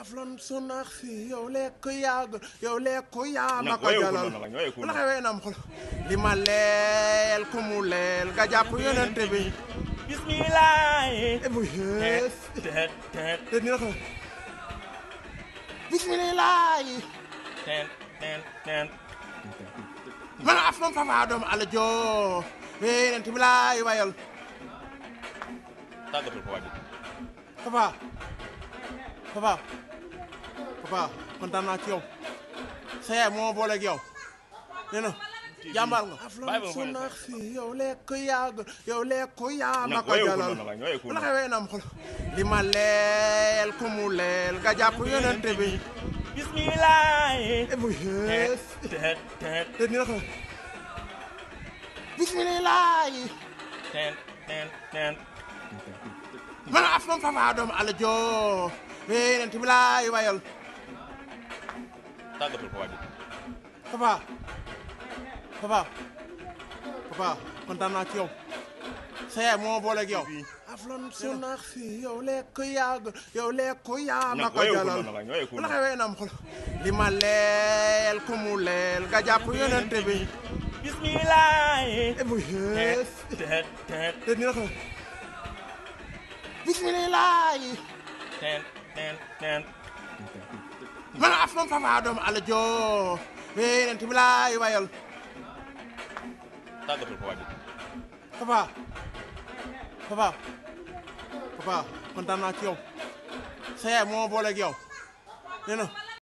aflon sunax fi yow lekk yàgg yow lekk yaa ma ko jalal la xewee nam li ma leel ku leel nga jàpp yonent bi bismillah ni na xol bismillah man aflon fafa doom ala joo yonent bi laay wayal tàggatul ko waajib papa papa kontaan naa ci yow sa moo ma booleeg nee na jàmbaar nga. bàyyi su nax si yow lekk yaa yow lekk yaa ma ko jalal ma leel ku mu leel nga jàpp yonent bi. bismillah. teet teet teet ni la ko bismillah. teet teet teet. papa doomu ala joo. eh yonent bi wayal. papa papa papa kontaan naa sa yaay moo booleeg yow. aflon sunax fi yow lekk yàgg yow lekk yaa ma ko jalal li ma leel ku mu leel nga jàpp yonent bi bismillah bu yees te ni la ko bismillah mana af moom fafa doomu ala joo yéen tamit laay wayal tàggatul papa papa papa kontaan naa ci yow sa yaay moo booleeg yow nee na